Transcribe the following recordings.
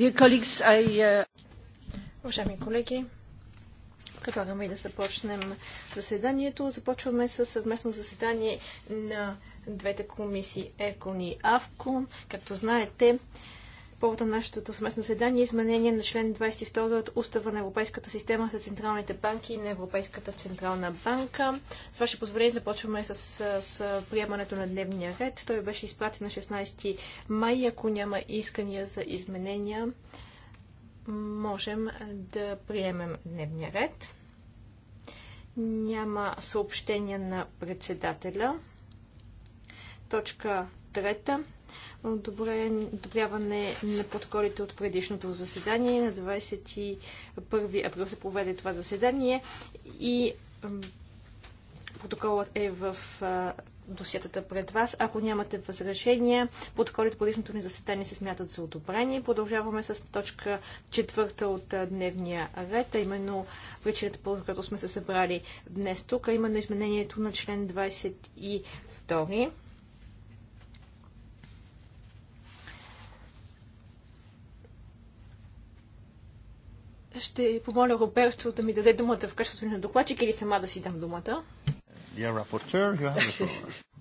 Uh, Уважаеми колеги, предлагаме и да започнем заседанието. Започваме с съвместно заседание на двете комисии ЕКОН и АВКОН. Както знаете, повод на нашето съместно заседание е изменение на член 22 от Устава на Европейската система за централните банки и на Европейската централна банка. С ваше позволение започваме с, с, с приемането на дневния ред. Той беше изпратен на 16 май. Ако няма искания за изменения, можем да приемем дневния ред. Няма съобщения на председателя. Точка 3 одобряване на протоколите от предишното заседание. На 21 април се проведе това заседание и протоколът е в досиятата пред вас. Ако нямате възражения, протоколите по личното ни заседание се смятат за одобрени. Продължаваме с точка четвърта от дневния ред, а именно причината, по която сме се събрали днес тук, а именно изменението на член 22. Ще помоля Роберто да ми даде думата в качеството на докладчик или сама да си дам думата.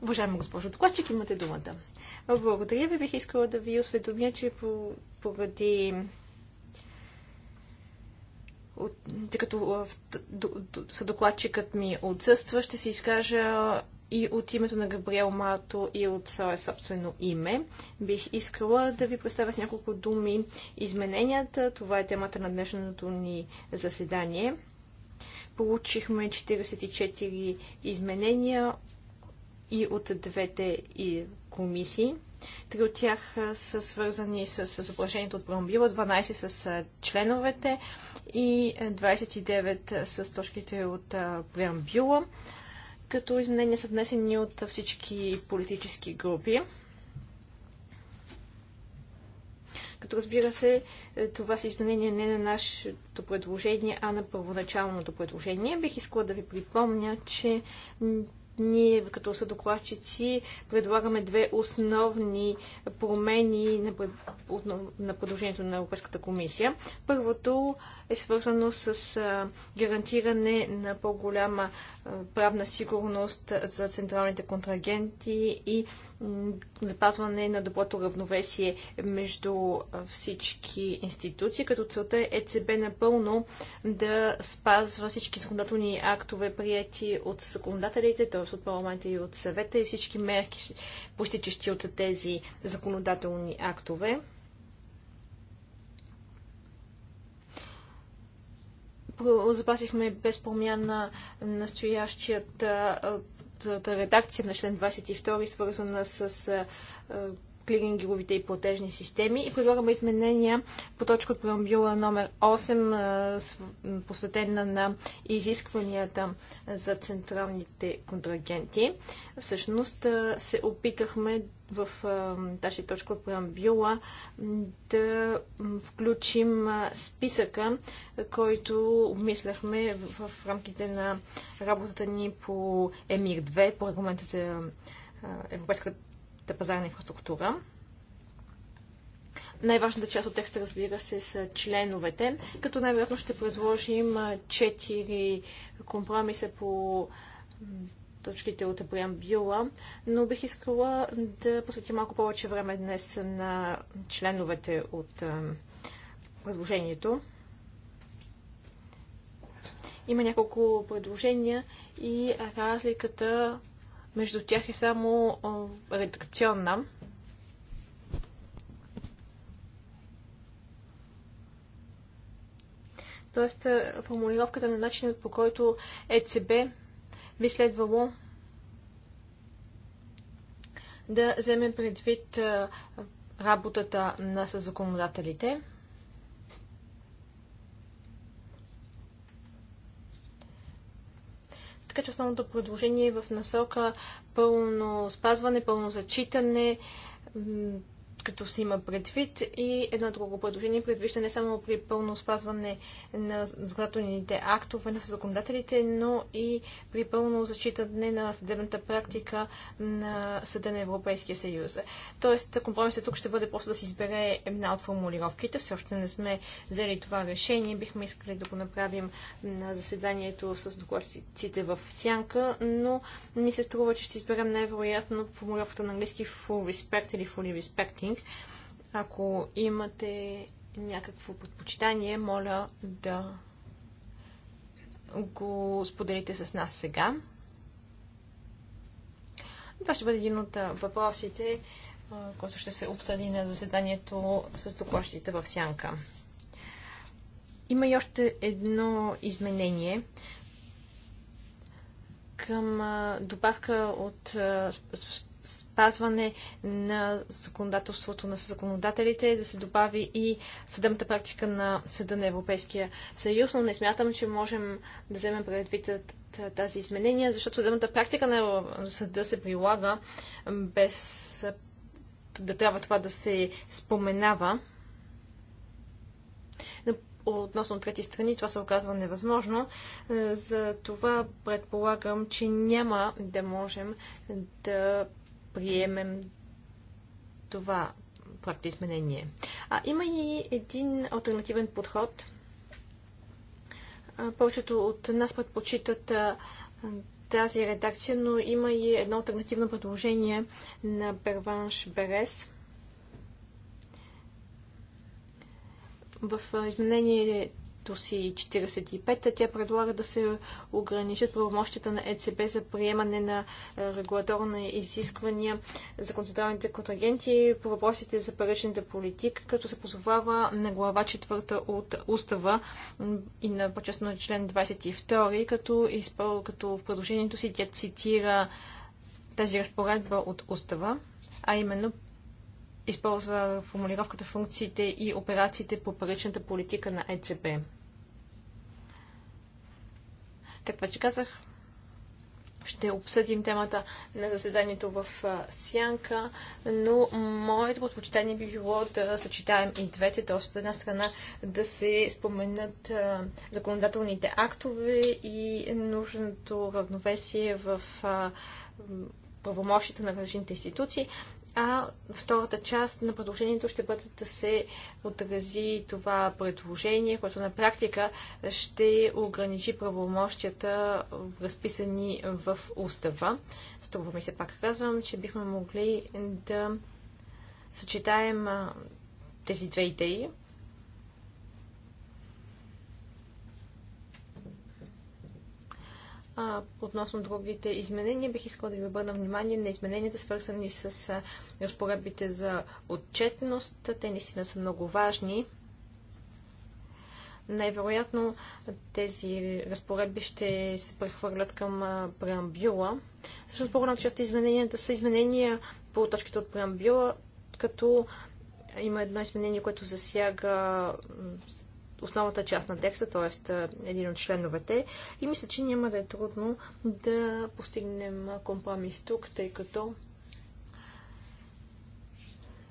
Уважаема госпожо докладчик, имате думата. Благодаря ви. Бих искала да ви осведомя, че поради от, тъй като съдокладчикът ми отсъства, ще се изкажа и от името на Габриел Мато и от свое собствено име. Бих искала да ви представя с няколко думи измененията. Това е темата на днешното ни заседание. Получихме 44 изменения и от двете и комисии. Три от тях са свързани с, с упражнението от промбила, 12 с членовете и 29 с точките от преамбюла. Uh, като изменения са внесени от всички политически групи. Като разбира се, е, това са изменения не на нашето предложение, а на първоначалното предложение. Бих искала да ви припомня, че ние, като съдокладчици предлагаме две основни промени на, на продължението на Европейската комисия. Първото е свързано с гарантиране на по-голяма правна сигурност за централните контрагенти и запазване на доброто равновесие между всички институции, като целта е ЕЦБ напълно да спазва всички законодателни актове, прияти от законодателите, т.е. от парламента и от съвета и всички мерки, постичащи от тези законодателни актове. запасихме без промяна настоящият от редакция на член 22, свързана с клиринговите и платежни системи и предлагаме изменения по точка от преамбюла номер 8, посветена на изискванията за централните контрагенти. Всъщност се опитахме в тази точка от преамбюла да включим списъка, който обмисляхме в рамките на работата ни по ЕМИР 2, по регламента за Европейската пазарна инфраструктура. Най-важната част от текста, разбира се, са членовете, като най-вероятно ще предложим четири компромиса по точките от преамбюла, но бих искала да посветя малко повече време днес на членовете от предложението. Има няколко предложения и разликата между тях е само редакционна. Тоест, формулировката на начинът по който ЕЦБ би следвало да вземе предвид работата на законодателите. Така че основното предложение е в насока пълно спазване, пълно зачитане, като се има предвид и едно друго предложение предвижда не само при пълно спазване на законодателните актове на законодателите, но и при пълно зачитане на съдебната практика на Съда на Европейския съюз. Тоест, компромисът тук ще бъде просто да се избере една от формулировките. Все още не сме взели това решение. Бихме искали да го направим на заседанието с докладците в Сянка, но ми се струва, че ще изберем най-вероятно формулировката на английски full respect или fully respecting, ако имате някакво предпочитание, моля да го споделите с нас сега. Това ще бъде един от въпросите, който ще се обсъди на заседанието с докладчиците в Сянка. Има и още едно изменение към добавка от спазване на законодателството на законодателите, да се добави и съдебната практика на Съда на Европейския съюз, но не смятам, че можем да вземем предвид тази изменения, защото съдебната практика на съда се прилага без да трябва това да се споменава. Относно трети страни това се оказва невъзможно. Е, за това предполагам, че няма да можем да приемем това проекто изменение. А има и един альтернативен подход. Повечето от нас предпочитат тази редакция, но има и едно альтернативно предложение на Берванш Берес. В изменение изменението си 45. Тя предлага да се ограничат правомощите на ЕЦБ за приемане на регулаторни изисквания за концентралните контрагенти по въпросите за паричната политика, като се позовава на глава 4 от устава и на по-честно на член 22, като, изпъл, като в предложението си тя цитира тази разпоредба от устава, а именно използва формулировката функциите и операциите по паричната политика на ЕЦБ. Както вече казах, ще обсъдим темата на заседанието в Сянка, но моето предпочитание би било да съчетаем и двете, т.е. от една страна да се споменат законодателните актове и нужното равновесие в правомощите на различните институции, а втората част на предложението ще бъде да се отрази това предложение, което на практика ще ограничи правомощията, разписани в устава. Струва ми се пак казвам, че бихме могли да съчетаем тези две идеи. А, относно другите изменения, бих искала да ви обърна внимание на измененията, свързани с а, разпоредбите за отчетност. Те наистина са много важни. Най-вероятно тези разпоредби ще се прехвърлят към а, преамбюла. Също по-голямата част измененията са изменения по точките от преамбюла, като има едно изменение, което засяга основната част на текста, т.е. един от членовете. И мисля, че няма да е трудно да постигнем компромис тук, тъй като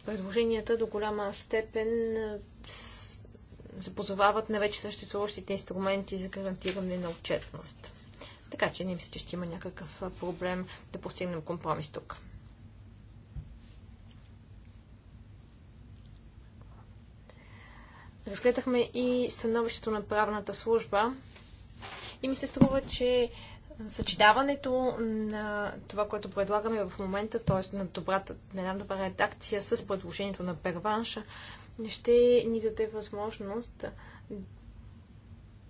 предложенията до голяма степен се позовават на вече съществуващите инструменти за гарантиране на отчетност. Така че не мисля, че ще има някакъв проблем да постигнем компромис тук. Разгледахме и становището на правната служба. И ми се струва, че съчетаването на това, което предлагаме в момента, т.е. на добрата, на една добра редакция с предложението на перванша, ще ни даде възможност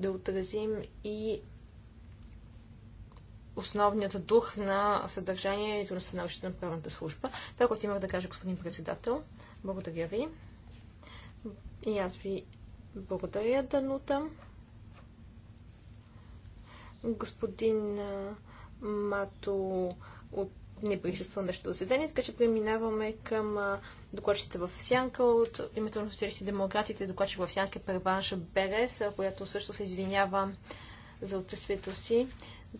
да отразим и основният дух на съдържанието на становището на правната служба. Това, което имах да кажа, господин председател. Благодаря ви. И аз ви благодаря, Данута. Господин Мато от не присъства нещо заседание, така че преминаваме към докладчите в Сянка от името на социалисти демократите. Докладчик в Сянка е Перванша Берес, която също се извинява за отсъствието си,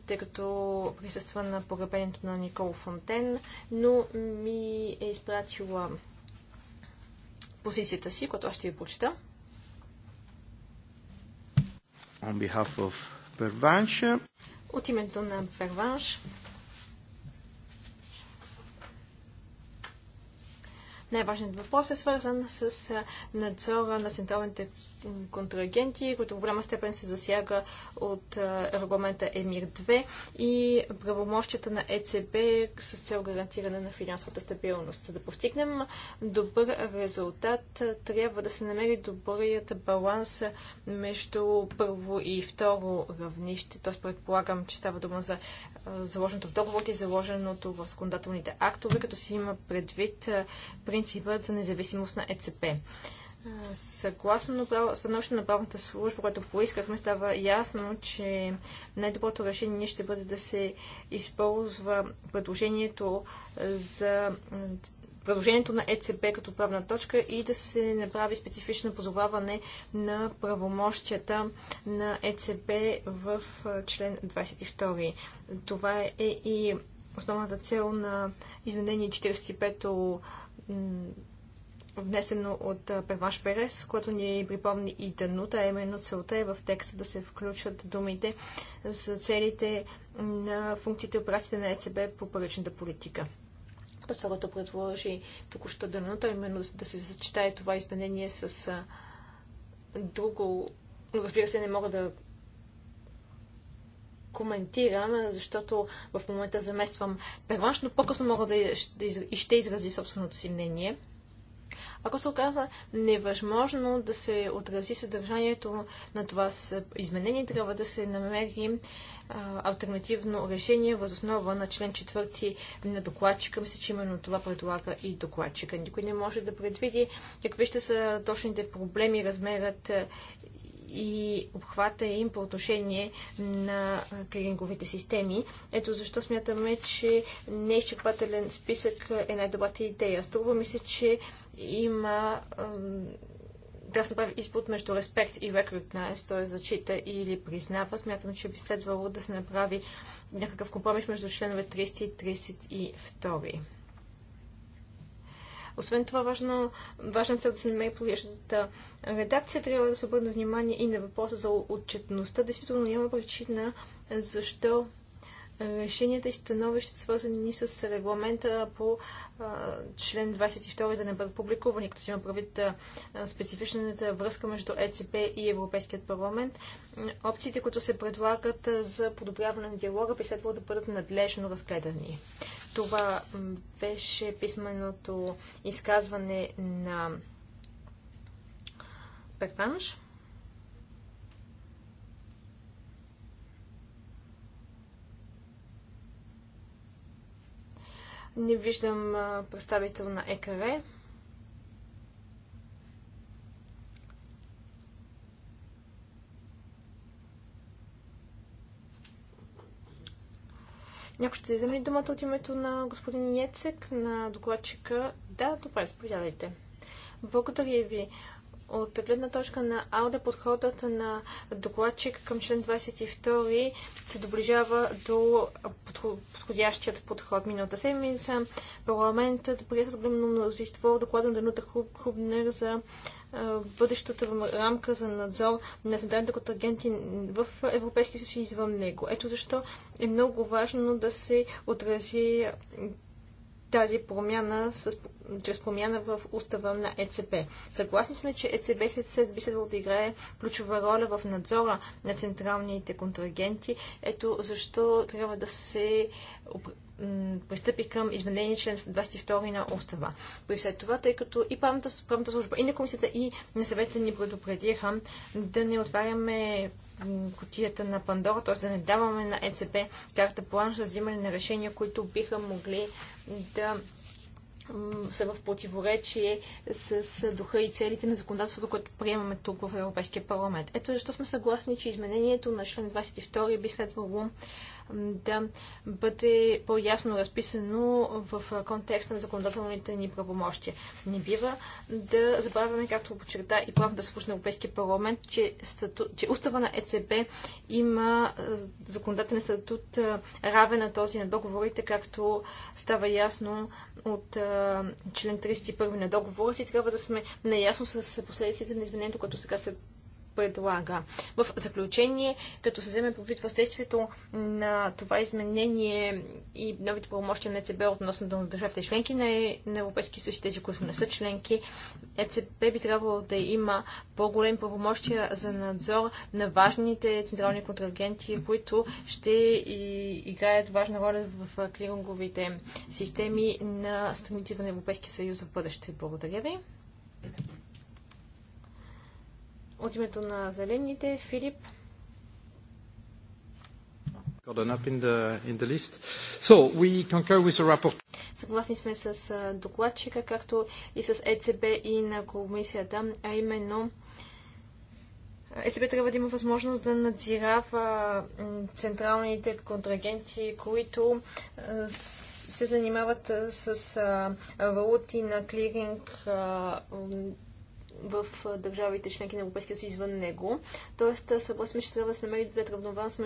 тъй като присъства на погребението на Никол Фонтен, но ми е изпратила позицията си, която ще ви почита. On behalf of Pervanche. От името на Перванш Най-важният въпрос е свързан с надзора на централните контрагенти, които в голяма степен се засяга от регламента ЕМИР 2 и правомощията на ЕЦБ с цел гарантиране на финансовата стабилност. За да постигнем добър резултат, трябва да се намери добрият баланс между първо и второ равнище. Тоест предполагам, че става дума за заложеното в договорите и заложеното в законодателните актове, като се има предвид принципът за независимост на ЕЦП. Съгласно становище на правната служба, което поискахме, става ясно, че най-доброто решение ще бъде да се използва предложението за предложението на ЕЦБ като правна точка и да се направи специфично позоваване на правомощията на ЕЦБ в член 22. Това е и основната цел на изменение 45-то внесено от Перваш Перес, което ни припомни и Данута, именно целта е в текста да се включат думите за целите на функциите и операциите на ЕЦБ по паричната политика. Тоест предложи току-що Данута, е именно да се съчетае това изменение с а, друго. Разбира се, не мога да коментирам, защото в момента замествам перванш, но по-късно мога да, и ще изрази собственото си мнение. Ако се оказа невъзможно да се отрази съдържанието на това изменение, трябва да се намери а, альтернативно решение възоснова на член 4 на докладчика. Мисля, че именно това предлага и докладчика. Никой не може да предвиди какви ще са точните проблеми, размерът и обхвата им по отношение на клиринговите системи. Ето защо смятаме, че неизчерпателен списък е най-добрата идея. Струва ми се, че има да се направи изпод между респект и recognize, т.е. зачита или признава. Смятам, че би следвало да се направи някакъв компромис между членове 30 и 32. Освен това, важно, важна цел да се намери подходящата редакция. Трябва да се обърне внимание и на въпроса за отчетността. Действително няма причина защо решенията и становища, свързани с регламента по а, член 22 да не бъдат публикувани, като си има правит специфичната връзка между ЕЦП и Европейският парламент. Опциите, които се предлагат за подобряване на диалога, би следвало да бъдат надлежно разгледани. Това беше писменото изказване на Пекванш. Не виждам представител на ЕКР. Е. Някой ще вземе думата от името на господин Ецек, на докладчика? Да, добре, споделяйте. Благодаря ви. От гледна точка на АУДА подходът на докладчик към член 22 се доближава до подходящият подход. Миналата седмица парламентът прие с огромно мнозинство доклада на Данута Хубнер за бъдещата рамка за надзор на централните контрагенти в Европейския съюз и извън него. Ето защо е много важно да се отрази тази промяна с, чрез промяна в устава на ЕЦБ. Съгласни сме, че ЕЦБ след би следвало да играе ключова роля в надзора на централните контрагенти. Ето защо трябва да се пристъпи към изменение член 22 на устава. При все това, тъй като и правната, правната служба, и на комисията, и на съвета ни предупредиха да не отваряме котията на Пандора, т.е. да не даваме на ЕЦП карта план за взимане на решения, които биха могли да са в противоречие с духа и целите на законодателството, което приемаме тук в Европейския парламент. Ето защо сме съгласни, че изменението на член 22 би следвало да бъде по-ясно разписано в контекста на законодателните ни правомощия. Не бива да забравяме, както подчерта и правната служба на Европейския парламент, че, стату... че устава на ЕЦБ има законодателен статут равен на този на договорите, както става ясно от член 31 на договорите и трябва да сме наясно с последиците на изменението, което сега се предлага. В заключение, като се вземе предвид въздействието на това изменение и новите правомощия на ЕЦБ относно да държавите членки на, на Европейския съюз и тези, които не са членки, ЕЦБ би трябвало да има по-големи правомощия за надзор на важните централни контрагенти, които ще играят важна роля в клиринговите системи на страните в Европейския съюз в бъдеще. Благодаря ви. От името на зелените, Филип. Съгласни сме с докладчика, както и с ЕЦБ и на комисията, а именно ЕЦБ трябва да има възможност да надзирава централните контрагенти, които се занимават с валути на клиринг в държавите членки на Европейския съюз извън него. Тоест, съгласен че трябва да се намери добре равновес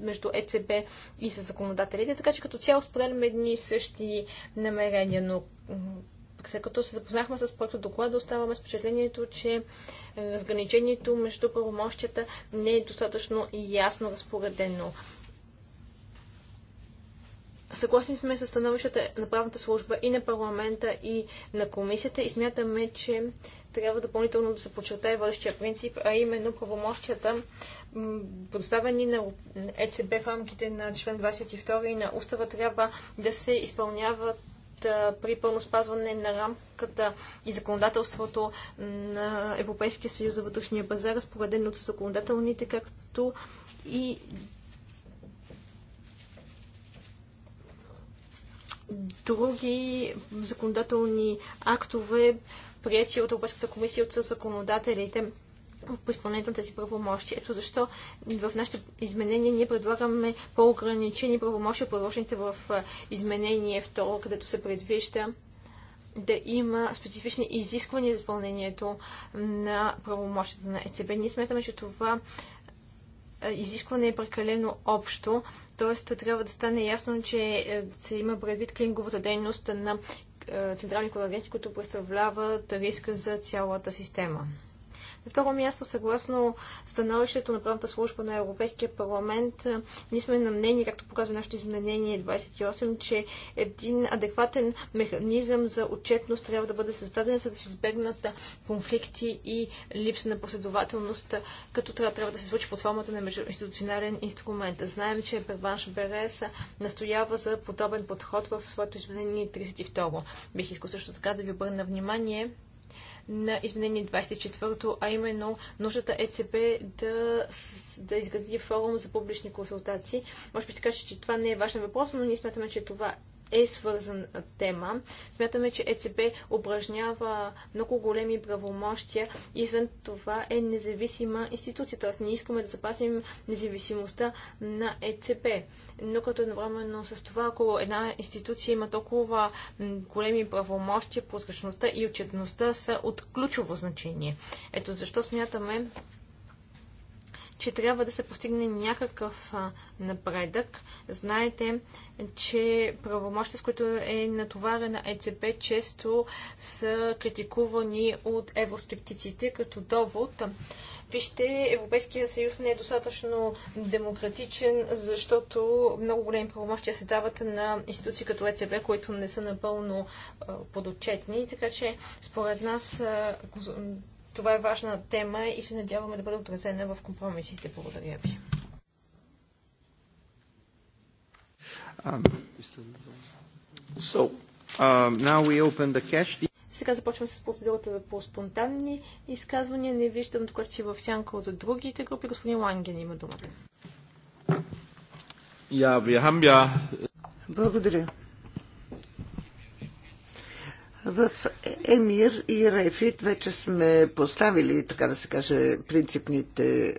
между, ЕЦБ е и с законодателите, така че като цяло споделяме едни и същи намерения, но след като се запознахме с проекта доклада, оставаме с впечатлението, че е, разграничението между правомощията не е достатъчно ясно разпоредено. Съгласни сме с становищата на правната служба и на парламента и на комисията и смятаме, че трябва допълнително да се подчертае водещия принцип, а именно правомощията, предоставени на ЕЦБ в рамките на член 22 и на устава, трябва да се изпълняват при пълно спазване на рамката и законодателството на Европейския съюз за вътрешния пазар, разпоредено от законодателните, както и други законодателни актове, прияти от Европейската комисия от законодателите по изпълнението на тези правомощи. Ето защо в нашите изменения ние предлагаме по-ограничени правомощи от предложените в изменение второ, където се предвижда да има специфични изисквания за изпълнението на правомощите на ЕЦБ. Ние сметаме, че това изискване е прекалено общо, т.е. трябва да стане ясно, че е, се има предвид клинговата дейност на е, централни колагенти, които представляват риска за цялата система. На второ място, съгласно становището на правната служба на Европейския парламент, ние сме на мнение, както показва нашето изменение 28, че един адекватен механизъм за отчетност трябва да бъде създаден, за да се избегнат конфликти и липса на последователност, като трябва, трябва да се случи под формата на междуинституционален инструмент. Знаем, че Перванш БРС настоява за подобен подход в своето изменение 32. Бих искал също така да ви обърна внимание, на изменение 24, а именно нуждата ЕЦБ да, да изгради форум за публични консултации. Може би ще кажа, че това не е важен въпрос, но ние смятаме, че това е свързан тема. Смятаме, че ЕЦБ упражнява много големи правомощия и извън това е независима институция. Т.е. ние искаме да запазим независимостта на ЕЦБ. Но като едновременно с това, ако една институция има толкова големи правомощия, прозрачността и отчетността са от ключово значение. Ето защо смятаме, че трябва да се постигне някакъв напредък. Знаете, че правомощите, с които е натоварена ЕЦП, често са критикувани от евроскептиците като довод. Вижте, Европейския съюз не е достатъчно демократичен, защото много големи правомощия се дават на институции като ЕЦБ, които не са напълно подотчетни. Така че, според нас, това е важна тема и се надяваме да бъде отразена в компромисите. Благодаря ви. Um, um, Сега започвам с процедурата по спонтанни изказвания. Не виждам докато си в сянка от другите групи. Господин Ланген има думата. Благодаря. В Емир и Рефит вече сме поставили, така да се каже, принципните е,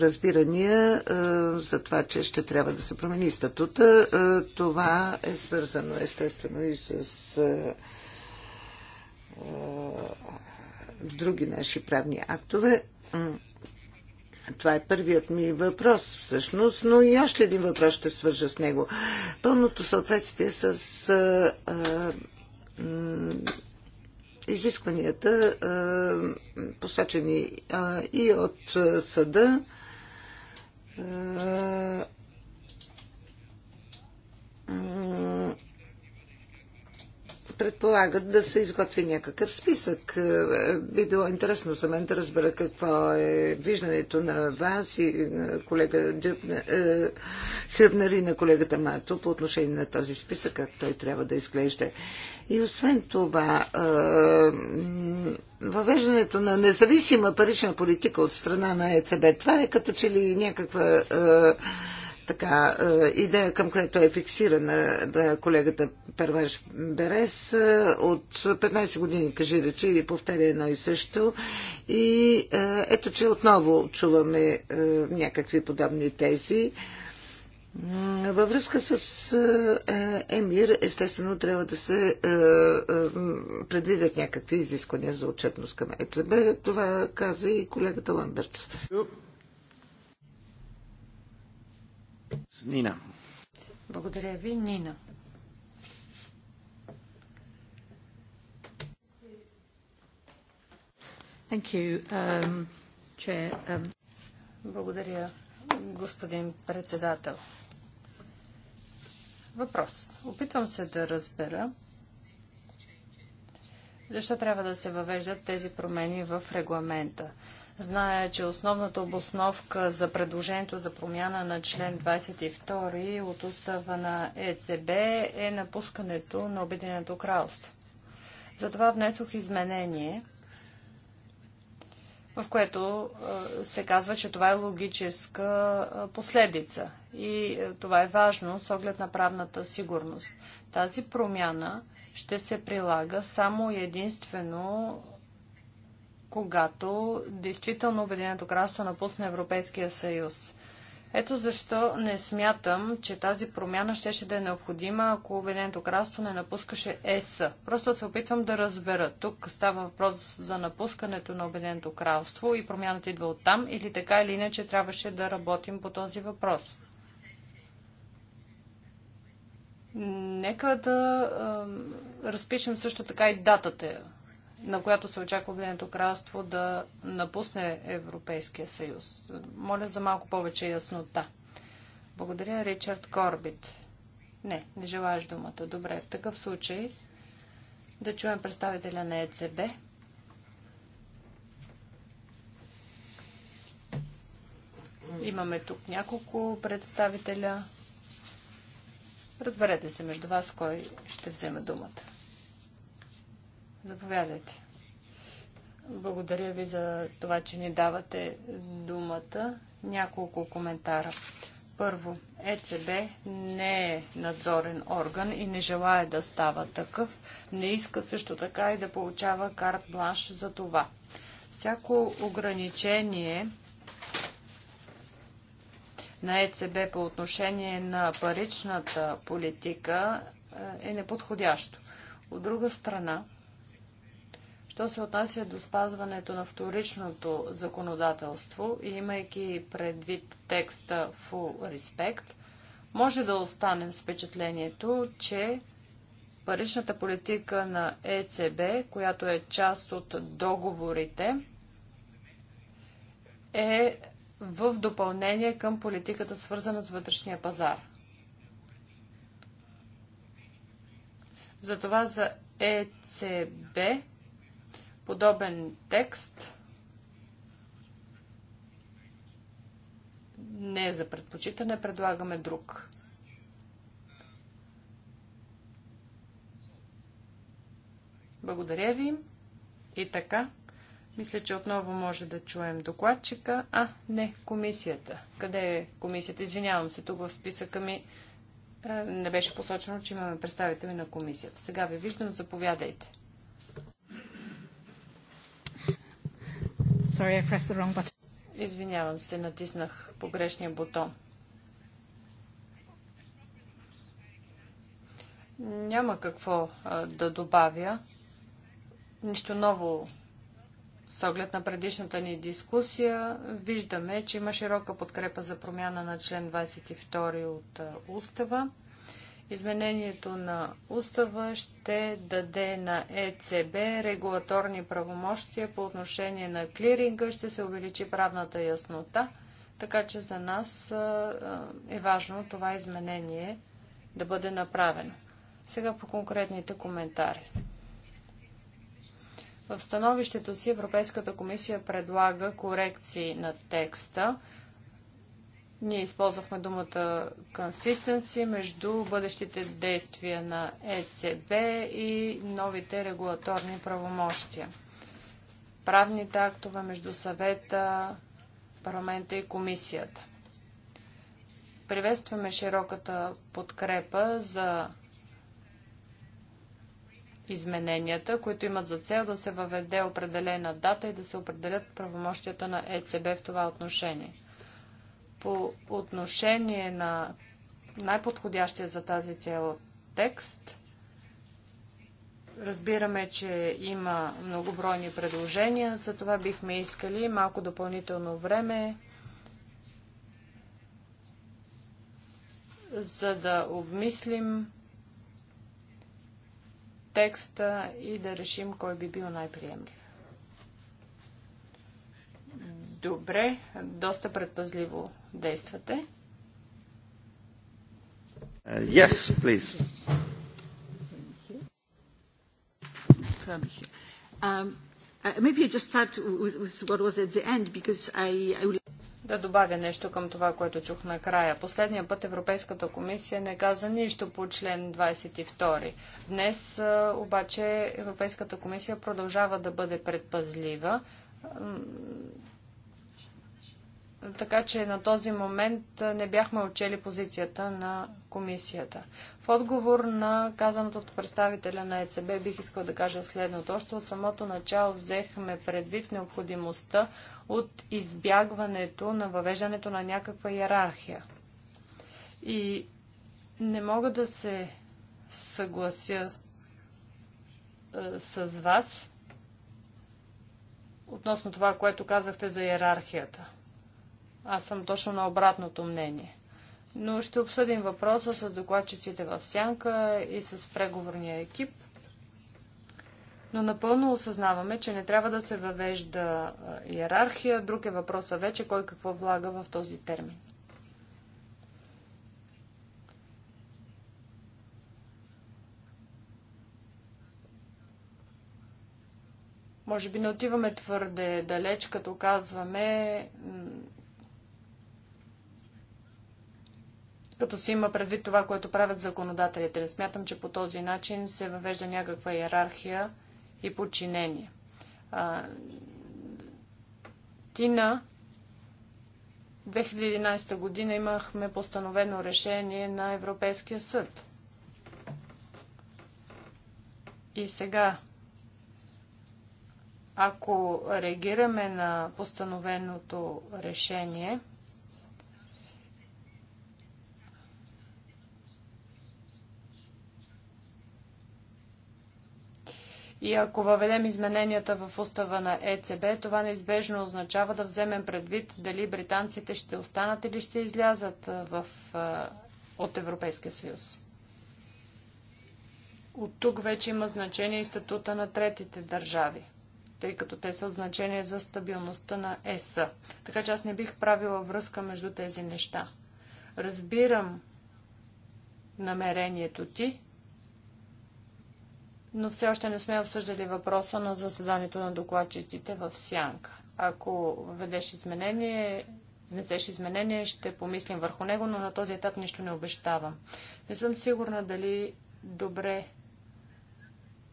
разбирания е, за това, че ще трябва да се промени статута. Е, това е свързано естествено и с е, е, други наши правни актове. Това е първият ми въпрос всъщност, но и още един въпрос ще свържа с него. Пълното съответствие с. Е, е изискванията, посочени и от съда, предполагат да се изготви някакъв списък. Е, е, би било интересно за мен да разбера какво е виждането на вас и на колега е, Хъбнер и на колегата Мато по отношение на този списък, как той трябва да изглежда. И освен това, въвеждането на независима парична политика от страна на ЕЦБ, това е като че ли някаква така е, идея, към която е фиксирана да, колегата Перваш Берес е, от 15 години, кажи речи, и повтаря едно и също. И е, ето, че отново чуваме някакви подобни тези. Във връзка с ЕМИР, естествено, трябва да се предвидят някакви изисквания за отчетност към ЕЦБ. Това каза и колегата Ламбертс. Нина. Благодаря ви, Нина. Thank you, um, chair, um... Благодаря, господин председател. Въпрос. Опитвам се да разбера защо трябва да се въвеждат тези промени в регламента. Зная, че основната обосновка за предложението за промяна на член 22 от устава на ЕЦБ е напускането на Обединеното кралство. Затова внесох изменение, в което се казва, че това е логическа последица. И това е важно с оглед на правната сигурност. Тази промяна ще се прилага само единствено когато действително Обединеното кралство напусне Европейския съюз. Ето защо не смятам, че тази промяна щеше да е необходима, ако Обединеното кралство не напускаше ЕС. Просто се опитвам да разбера. Тук става въпрос за напускането на Обединеното кралство и промяната идва от там или така или иначе трябваше да работим по този въпрос. Нека да разпишем също така и датата на която се очаква Обединеното кралство да напусне Европейския съюз. Моля за малко повече яснота. Благодаря, Ричард Корбит. Не, не желаеш думата. Добре, в такъв случай да чуем представителя на ЕЦБ. Имаме тук няколко представителя. Разберете се между вас кой ще вземе думата. Заповядайте. Благодаря ви за това, че ни давате думата. Няколко коментара. Първо, ЕЦБ не е надзорен орган и не желая да става такъв. Не иска също така и да получава карт бланш за това. Всяко ограничение на ЕЦБ по отношение на паричната политика е, е неподходящо. От друга страна, Що се отнася до спазването на вторичното законодателство и имайки предвид текста Full Respect, може да останем с впечатлението, че паричната политика на ЕЦБ, която е част от договорите, е в допълнение към политиката свързана с вътрешния пазар. Затова за ЕЦБ подобен текст не е за предпочитане, предлагаме друг. Благодаря ви. И така, мисля, че отново може да чуем докладчика. А, не, комисията. Къде е комисията? Извинявам се, тук в списъка ми е, не беше посочено, че имаме представители на комисията. Сега ви виждам, заповядайте. Sorry, I pressed the wrong button. Извинявам се, натиснах погрешния бутон. Няма какво а, да добавя. Нищо ново с оглед на предишната ни дискусия. Виждаме, че има широка подкрепа за промяна на член 22 от а, устава. Изменението на устава ще даде на ЕЦБ регулаторни правомощия по отношение на клиринга, ще се увеличи правната яснота, така че за нас е важно това изменение да бъде направено. Сега по конкретните коментари. В становището си Европейската комисия предлага корекции на текста, ние използвахме думата consistency между бъдещите действия на ЕЦБ и новите регулаторни правомощия. Правните актове между съвета, парламента и комисията. Приветстваме широката подкрепа за измененията, които имат за цел да се въведе определена дата и да се определят правомощията на ЕЦБ в това отношение – по отношение на най-подходящия за тази цел текст. Разбираме, че има многобройни предложения, за това бихме искали малко допълнително време, за да обмислим текста и да решим кой би бил най-приемлив. Добре, доста предпазливо действате. Uh, yes, please. Um, uh, maybe I just start with, with what was at the end because I, I will да добавя нещо към това, което чух накрая. Последния път Европейската комисия не каза нищо по член 22. Днес обаче Европейската комисия продължава да бъде предпазлива така че на този момент не бяхме отчели позицията на комисията. В отговор на казаното от представителя на ЕЦБ бих искал да кажа следното. Още от самото начало взехме предвид необходимостта от избягването на въвеждането на някаква иерархия. И не мога да се съглася е, с вас относно това, което казахте за иерархията. Аз съм точно на обратното мнение. Но ще обсъдим въпроса с докладчиците в Сянка и с преговорния екип. Но напълно осъзнаваме, че не трябва да се въвежда иерархия. Друг е въпроса вече кой какво влага в този термин. може би не отиваме твърде далеч, като казваме като се има предвид това, което правят законодателите. Не смятам, че по този начин се въвежда някаква иерархия и подчинение. А, Тина 2011 година имахме постановено решение на Европейския съд. И сега, ако реагираме на постановеното решение, И ако въведем измененията в устава на ЕЦБ, това неизбежно означава да вземем предвид дали британците ще останат или ще излязат в, от Европейския съюз. От тук вече има значение и статута на третите държави, тъй като те са от значение за стабилността на ЕС. Така че аз не бих правила връзка между тези неща. Разбирам намерението ти, но все още не сме обсъждали въпроса на заседанието на докладчиците в Сянка. Ако ведеш изменение, внесеш изменение, ще помислим върху него, но на този етап нищо не обещавам. Не съм сигурна дали добре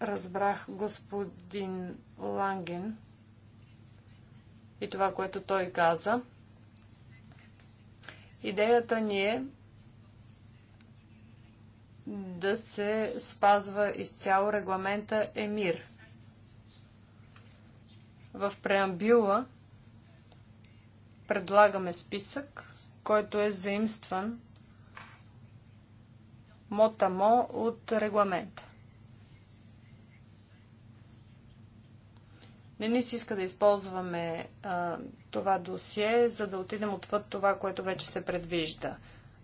разбрах господин Ланген и това, което той каза. Идеята ни е да се спазва изцяло регламента ЕМИР. В преамбюла предлагаме списък, който е заимстван мотамо от регламента. Не ни се иска да използваме а, това досие, за да отидем отвъд това, което вече се предвижда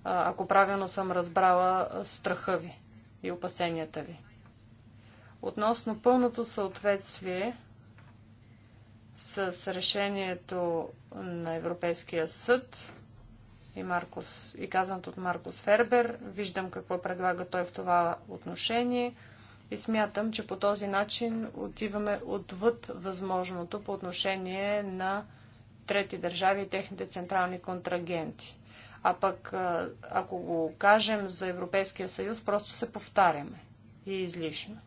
ако правилно съм разбрала страха ви и опасенията ви. Относно пълното съответствие с решението на Европейския съд и, Маркус, и казаното от Маркус Фербер, виждам какво предлага той в това отношение и смятам, че по този начин отиваме отвъд възможното по отношение на трети държави и техните централни контрагенти. А пък, ако го кажем за Европейския съюз, просто се повтаряме. И е излишно.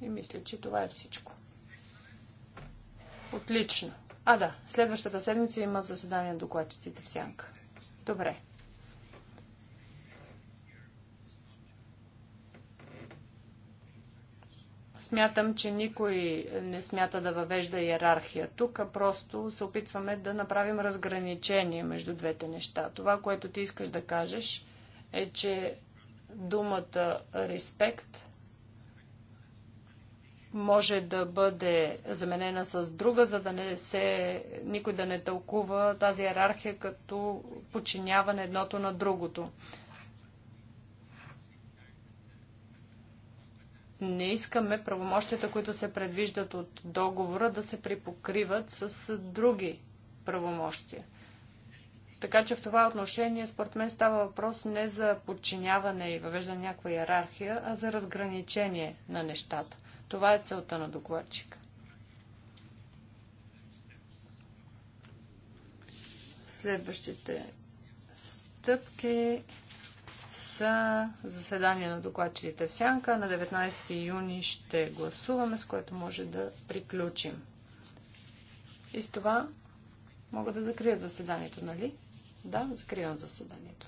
И мисля, че това е всичко. Отлично. А, да, следващата седмица има заседание на докладчиците в Сянка. Добре. Смятам, че никой не смята да въвежда иерархия тук, а просто се опитваме да направим разграничение между двете неща. Това, което ти искаш да кажеш, е, че думата респект може да бъде заменена с друга, за да не се, никой да не тълкува тази иерархия като подчиняване едното на другото. не искаме правомощията, които се предвиждат от договора, да се припокриват с други правомощия. Така че в това отношение, според мен, става въпрос не за подчиняване и въвеждане някаква иерархия, а за разграничение на нещата. Това е целта на докладчика. Следващите стъпки са заседания на докладчиците в Сянка. На 19 юни ще гласуваме, с което може да приключим. И с това мога да закрия заседанието, нали? Да, закривам заседанието.